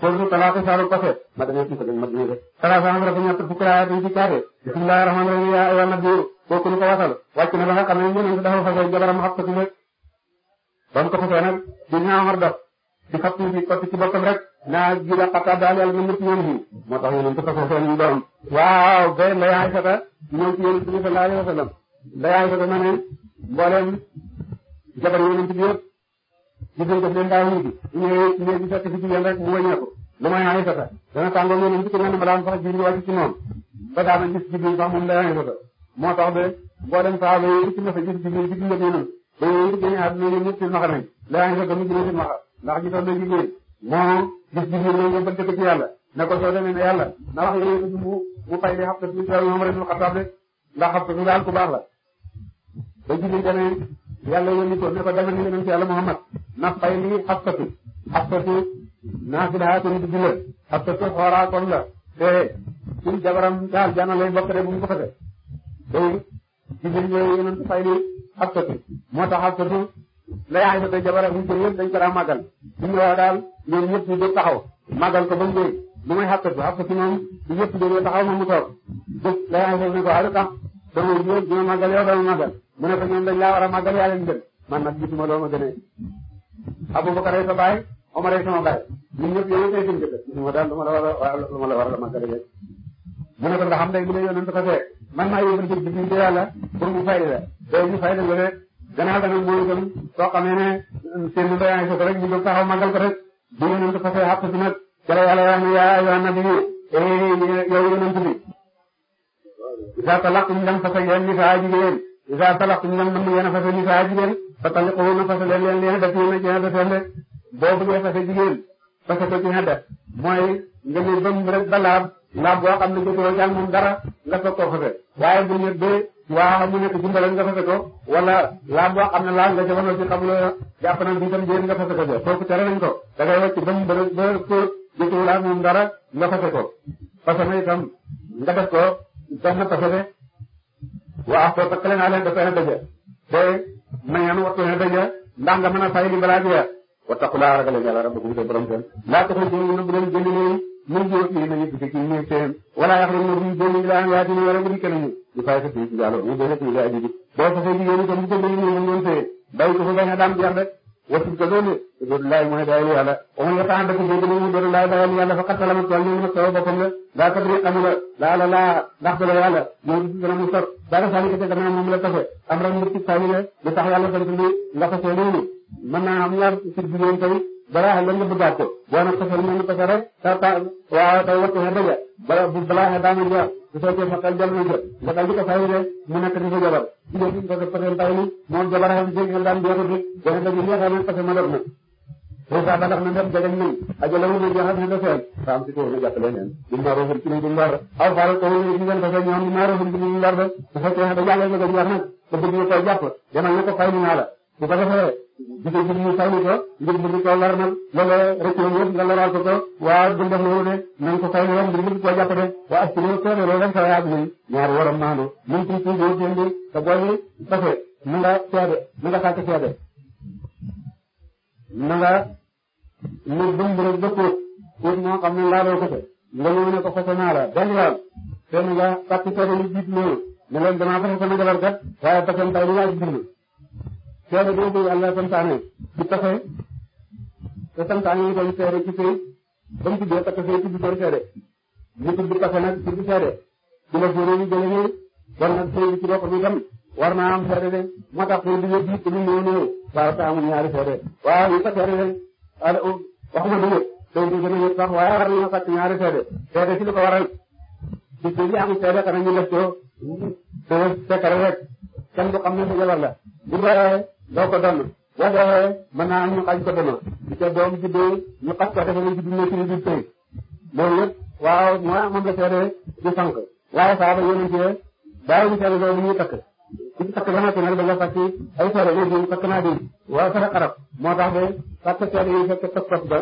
foofu talaata saalu kose ma demee fii ko dañ ma dina def talaata am rek ñett fukki laa dañ ci kaate bismillaahi rahmaani rahiim yaa ayyuha nabiyyu kooku ñu ko wasal wàcc na ba nga xam ne yonent dafa fasal jabaram xab ko ci rek ba mu ko fasee nag dina Umar dox di xab ci ko ci boppam rek naa ji la xataa daal yàlla na ñëpp ñoom fii moo tax yonent fasal seen doom waaw ba la yaay sata ñëw ci yonent bi sallallahu alayhi wa sallam la yaay sata ma ne mbooleem jabar yonent bi yëpp gis nañ ko seen daaw yi bi ñëwee ñëwee ñu fekk ci jigéen rek mu wëññeeku lu may ay sata dana tàngoor yeneen ci keneen ba daan sax jiw wàcc ci noonu ba daana gis jibril sax moom lay ay sata moo tax ba boo dem saaba yi ci masa gis a ci dundam yeneen ba yooyu génne àdduna yi ñëpp ci maxa nañ lay ay sata mu gën a ci maxa ndax gisoon na jigéen moo gis jibril loolu yëpp ba dëkk ci yàlla ne ko soo demee ne yàlla na wax yéen itam mu mu fay li xam te suñu xel moom rek ñu yàlla yónni ko ne ko dafa ni yonent yàlla Muhammad na fay lii xasatu xasatu naafilaatun guddi la xasatu xooraakoon la te suñ jabaram daal jana lay bokk de bu mu ko fete day Jibril ñëw yonent fay lii xasatu moo tax xasatu la yaay sa jabaram ñu jël yëpp dañ ko daa màggal bu ñëwee daal ñoom ñëpp ñu jóg taxaw màggal ko ba mu dee lu may xasatu xasatu moom ñëpp jógee taxaw moom mu toog jóg la yaay sa ne ko alu tax dama ñëw dina màggal yow mu ne ko ñoom dañ laa war a màggal yaa leen gën man nag gisuma loo ma gënee Abubakar ay sa baay Omar ay sama baay ñun ñëpp yéen a ngi gën jëkkër gisuma daal lu ma la a a màggal mu ne ko nga xam ne mu ne yow nañu ko fee man maa yóbbu ci biir bi yàlla mu fay la te ñu fay la nga rek gannaaw dana mooy itam soo xamee ne mm, seen mbéy mi rek ñu jóg taxaw màggal ko rek bu ñu nañu ko fee xàpp si nag la yàlla wax eh, ne yaa ayyuhan nabiyyu yow yonent bi. isa talaqtum lan fa sa yéen ni isa talaqtum nag mën ngeen a fase nisaa jigéen fa talliquhunna fase leen leen leen def ngeen ci xedda seen de boo bëggee fase ko ci xedda mooy nga ne bam rek ba laab laab boo xam ne jotoo jàng moom dara nga soog koo fase waaye bu na bee waa mu nekk fase ko wala laab boo xam ne laab nga jafanoo ci xamuloo jàpp na bi tam jigéen nga fase ko de kooku tere nañ ko da ngay wàcc bam ba ba ko jotoo laab moom dara nga fase ko fase na itam nga def ko def na fase de waaw foofu ak kële naa a dafay a te nañu ne waxtu daje ndax nga a a fay li balaa a waxtaan ku laa a yàlla rabbakum te borom seen laata ko jëlee nag bu doon jëlee yooyu ñun jiw ak yéen nañu ko fekk ñun seen wala yàq nañu ne bu ñu jëlee laa yaa dina yore bu di keneen ñu. ñu fay ko fii ci jàll ñu jëlee fii laa ji bi boo ko fay jigéen ñi tam bu ko jëlee ñu mën ngeen see bay ko fa bañ a daan jeex rek wasit ko loolu Ibadullahi mooy dayal yàlla waxum nga tax a dëkk boobu nii Ibadullahi dayal yàlla fa xasal amul tool yi mu xasal boppam la daa ko bëri amul laa la laa ndax dala yàlla moom it dana mu sot dara saa ni ko ca gannaaw moom la tafe am ren mbir ci saa ni la lu tax yàlla sant li nga fasoo loolu mën naa am ñaar ci jigéen tey balaa nga bëggaat ko boo na tasal moom tasal rek ta ta waaw tey waxtu xar dëgg bala bu balaa xar daa ma jeex bu fekkee fakkal jël nañ ko fakkal di ko fay rek mu nekk di fa jabar ci def ko def tasal taw ni moom jabar xam jëg xel daan jeexu rek dana dëgg jeexal na tasal ma def na Moussa Ba tax na def jagal nañ ajala wu ñu jeexal na seen faam si na jàppale leen di ma roful ci ni di ndar aw faal ko ñu ñu ngeen tasal ñoom di ma roful ci ni di ndar bu fekkee da jàngal nga jeex nag ko bëgg ko jàpp dama ñu ko fay ni la bu ko defee jigéen ji ñu faylu ko ngir bëgg ko lor nag wala rëcc nañ yëpp nga loraal ko ko bul def loolu de ko faylu woon ngir bëgg koo jàpp de waa askan wi soo delloo rek sa yaag muy ñaar waram maandu ñun ci ci ñoo jënd sa bool yi kese na nga seede na nga sàkk seede na nga lu bëmb rek moo xam ne laa doo kese nga ñëw ne ko fase naa la benn yoon te na nga sàkk seede lu jiit loolu ne leen danaa fase sama jabar kat waaye teere boobu yàlla santaane ci tafe te santaane itam teere ci sëy ba mu tuddee takk sëy tudd seen seede mu tudd tafe nag tudd seede ci la séeréer yi jëlee nii kon nag sëy bi ci boppam itam war naa am seede de moo tax ñu duggee biir te ñu ñëw ñëw waaw te amul ñaari seede waaw ñu ko seede de waxuma dëgg sëy bi gën a yëg sax waaye war nañoo sàkk ñaari seede seede ci li ko waral ci sëy bi amul seede xanaa ñu def ko te sekare rek kenn du xam ne sa jabar la bu baaxee doo ko donn boo ko waxee mën naa am ñu xañ ko dono di ca doom juddee ñu xas ko dafa lay judd nekk ni di sëy loolu yëpp waaw mo moom la seede di sànq waaye saaba yonent yi daawuñu seede loolu ñuy takk ci takk ba noppi nag da nga fàcc ay seede ñu ñu takk naa di waaw sax arab moo tax de takk seede yi fekk pas-pas ba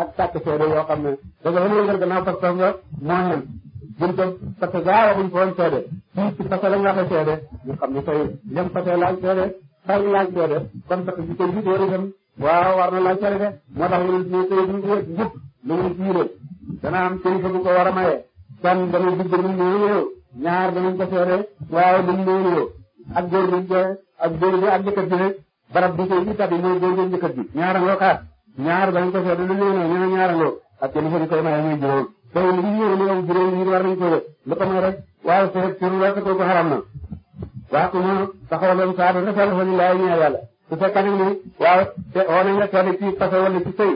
ak takk seede yoo xam ne daga la ngal gannaaw pas-pas ba moo xam buñ ko takk gaaw a buñ ko woon seede fii ci fase lañ waxee seede ñu xam ne tey ñam fase laaj seede bàyyi laaj bee de kon parce que bu tey jii doo dem waaw war na laaj cere de moo tax ñu ne tey jii lu mu jiire dana am bu ko war a maye. kon dana dugg lu mu néew ñaar danañ ko seere waaye lu mu néew ak góor bi ko ak góor bi ak jëkkër ji rek barab bi koy itam mooy góor bi jëkkër ji. ñaarangoo xaar ñaar danañ ko seere lu néew na ak kilifa bi koy maye muy juróom. tey lu mu néew lu mu juróom yi war nañ ko def lu ko may rek waaye su fekkee waa ku ma saxoo leen saa dina sell laay ñëw yàlla su fekkee ne waaw te wane nga kenn ci fas wala ci sëy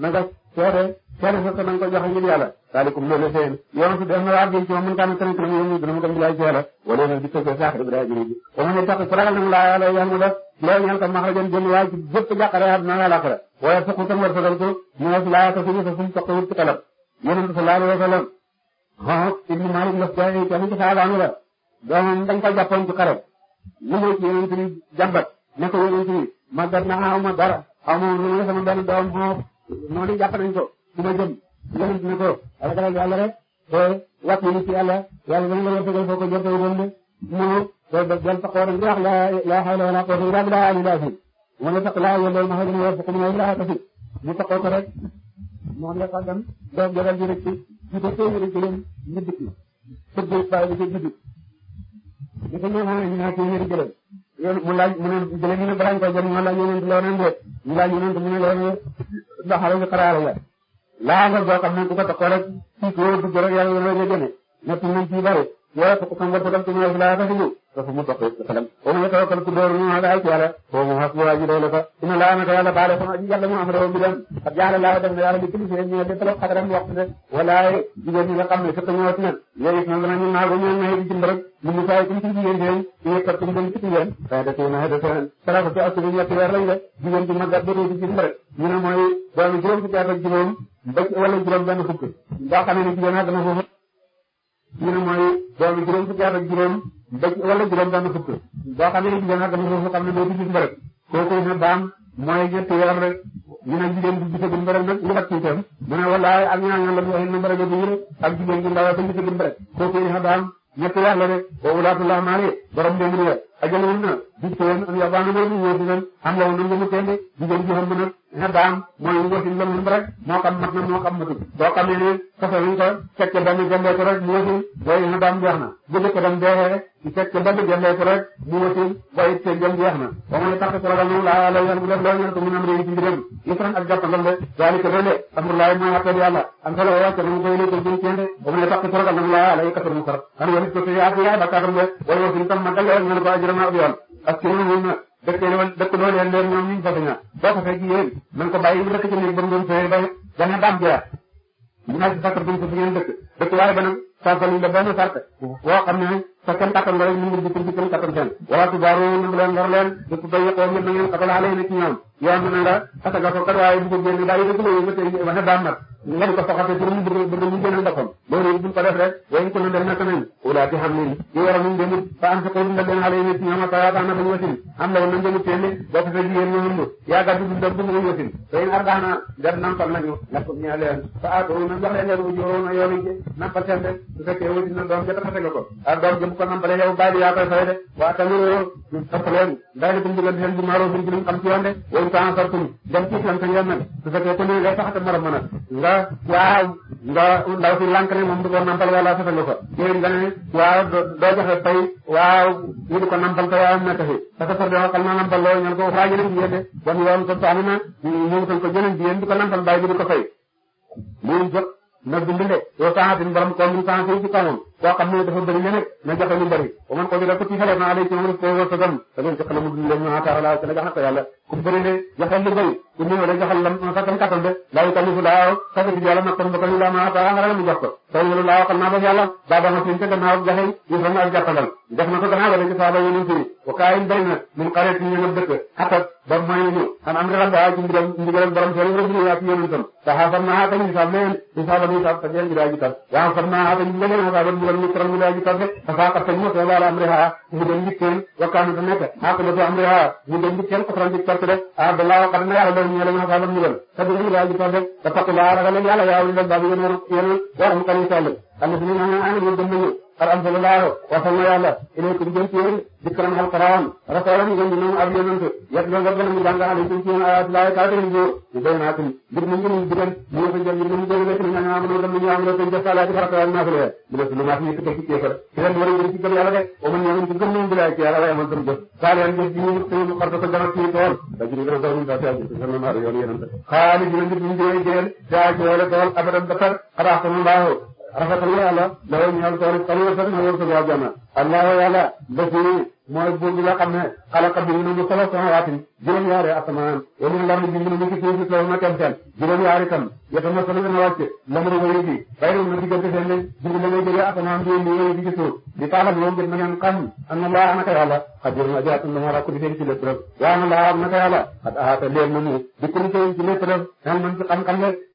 na nga seete kenn sax na nga ko joxe ngir yàlla. saalikum loolu seen yoon su def na waa bii ci moom mën kaa ne tamit mu yëngu dina mu dem laay ci yàlla wala na di tëjee sax Ibrahima jërëjëf. ba mu ne tax ku ragal nag laa yàlla yàlla def loolu ñaan ko maxrajan jëm waaye ci bépp jàqare àdduna la laaxira waaye suqu tam war sagal ko mu ne laa ko suñu sa suñu soqe wut ci kalam yonent sallallahu alayhi wa sallam ah, doomam dañ ko jàppoon ci xare lu mu yonent bi jàmbat ne ko yonent bi màggat na xaw ma dara xaw ma lu ne sama benn doom xoof noonu jàpp nañ ko su ma jëm yonent ne ko ragalal yàlla rek te wat ni ci yàlla yàlla dañ la wërsëgal foo ko jot a yóbbu mu ñëw te ba jël sa xool rek di wax laa laa hawla wala quwwata illaa billaahi ali laa fi wala sax laa yàlla ma xam ne war fukum ne laa fi mu taxaw ko rek moom la sàggam doom jaral ji rek ci ci ko téye rek ci leen ñu dikki tëgg bàyyi bi ci juddu bi ko ñëw a ñu naan téeméeri gëlëm yow mu laaj mu ne gëlëm yi nag balaa ñu koy jël ñu laaj yonent la woon rek ñu laaj yonent mu ne la woon ndax xale bi xaraare la laa nga boo xam ne ku ko taxaw rek fii ko dugg rek yàlla loolu la gën a nekk nañ ci bari yow ku ko xam dafa mu toq rek dafa dem boobu nga tawakal ku door mu ala ci yàlla boobu mu xas waa ji doy la ko ina laa naka yàlla baale sama aji yàlla mu am réew mi dem ak yàlla laa dem na yàlla li kilifa yi ñëw lépp la xadaram waxtu de walaay jigéen ñi nga xam ne fekk ñëwat nag yooyu it noonu ñu naa na di jëmb rek ci jigéen ñi ñu kat ci dem ci jigéen da ci na da tan sara ko ak ñu ñetti weer lañ de jigéen bi magat ba di jëmb rek ñu ne mooy doomu juróom fukki at ak juróom ba wala juróom benn fukk ba doomi juróom fukki at ak juróom ba wala juróom benn fukk boo xam ne jigéen nag dafa foofu xam ne dootu gis mbërëg baam mooy ñetti rek ñu ne jigéen bi gisagul mbërëg nag lu kat tuutam mu ne walaay ak la ñu waxee na mbërëg bu wér ak jigéen gi ndaw ba gisagul mbërëg kooku ne baam ñetti weer la de wa ulaatu lahmaali borom démb na bis ko woon yow baa nga bëri ñëw di leen am la woon nañ la mu kenn jigéen ji xam na ne daam mooy wasin la mun rek moo xam mat na moo xam matul boo xamee ne kese wuñ ko fekk benn jëndee ko rek mu wasin booy na daam jeex na bu jëkk dem deexee rek fekk benn jëndee ko rek mu wasin booy it seen jëm jeex na ba mu ne tax ko ragal noonu laa la yoon bu def loolu ngeen ko mun am réew ci mbiram isran ak jàppandal na mu koy léegi jëm kenn de ba mu ne yaa fi parce que yéen ñoom dëkkaloo dëkkaloo leen leen ñoom ñu ngi fas fekk yéen nañ ko bàyyi mu dëkk ci néeg ba mu doon fee ba dana daam jeex ñu naan si fàttali ñu ko fi ngeen dëkk dëkk waaye ba nag sàrfaluñ la benn sàrt boo xam ne sa kenn kattan nga rek ñu ngi dikkum dikkum kattan seen wala tubaaru nangu leen ngor leen dëkk ba yëqoo ngeen na ngeen xatalaale na ci ñoom yoon daa nga xataga ko kat waaye bu ko génn bàyyi dëgg la yéen nga tey wax na daam nag nga di ko soxase pour mu bëgg bëgg mu jënd boppam loolu yëpp bu ñu ko def rek waaye ko dem na tamit wala ci xam leen yi war a mun jëmut fa am sa ko dunda benn xale yi nit ta ta na bañ wasin am la woon jëmut téeméer boo ko fekk yéen ñu hund yaa gàddu dunda bu ñu wasin te yéen ardaana def nampal nañu nak ñaa leen fa aatu na leen yoru joona yoonu na doom ja yaa koy fay de waa tamit ñu ci yoon de way tan sartu dem ci tan tan yoon na su fekkee ko ne lay ba waaw nga ndaw si lank ne moom du ko nampal wala satalu ko jigéen nga ne waaw doo joxe tey waaw ñu di ko nampal te waaw nekk fi parce que pardon na nampal loolu ñan ko waa jëneen jigéen de bon yoon ko taani na ñu tan ko jëneen jigéen di ko nampal bàyyi bi di ko fay muy jot na bind de yoo saatin borom ko mu saan koo xam ne dafa bëri leneen na joxe lu bëri ba man ko def ko ci xale naa lay ci moom ko war sa gam da ngeen joxe la mu dund leen ñu taara la ko jox ko yàlla ku bëri de joxal lu bëri ku néew de joxal lam sa kam kattan de la yukallifu laaw sagati yàlla nafsan ba ko illa ma ataa nga la mu jox ko so lu laaw xam naa ba yàlla baba ma fiin te gannaaw ak joxe yi fa ak jàppalal def na ko gannaaw ba ci saaba yéen fi wa kaayim bëri na min xarit yi ñu dëkk xatat ba may ñu an am rabbi ci ndigal ndigal borom seen rabbi ya ci yonentam ta hafar naa ta ñu saab leen ci saaba ñu saab ta jeen gi daa ji tal wa hafar naa ta ñu leen wal mukramuuna aji tabe fasaaqat mu ala amriha mu dem dikkeen wakkaani ta nekk aqibatu amriha mu dem dikkeen xotran dik perte de a bala waqat na yàlla lawum ñelema falam ñugal tabe ila aji tabe ta taqula ragal yàlla yaawu leen baabi yéen yéen waram kan alati na nga xam ne dëgg yi par ansalallahu wasal na yàlla ilaykum jëm ci yéen dikran alquran rasulan ngeen di noonu ab yonent yat loo nga gën a mu jàng alaykum ci yéen ayatullahi kaatari jóor ñu doy naa kum ngir mu njëriñ digal ñu nga ko jël ngir mu jëriñ rek ñu nga xam ne dama ñu am rek ñu def salaati farata naa ko leer mu def lu ma fi yëkkati ci kéefar ci leen war a jël ci gëm yàlla rek o man ñoom ci gëm nañ bilaay ci yàlla waaye man tam jëf saaleen jëf ji ñu xëy xar ko dama ci tool da jëri dama doon ta ci sama mari yoon yonent xaali dina nit ñu jëriñ jël daa ci wala tool abadan bakar xara ko mbaaxu rafetal na yàlla loolu ñëw tool yi xarit rafet na lool sa bopp jàmm. allahu yàlla bés yi mooy buur bi nga xam ne xalaqa bi bind na solo samawaatin juróom-ñaari asamaan yéen ñu lardi bind na ci suuf si sow na kenn kenn juróom-ñaari kan yéen a ma solo dana wàcc lamru ba yëgi bay na diggante seen ne bind na ngay jëlee asamaan na ngeen xam am na laa naka yàlla xadir na jaatum na mara kuli seen ci lépp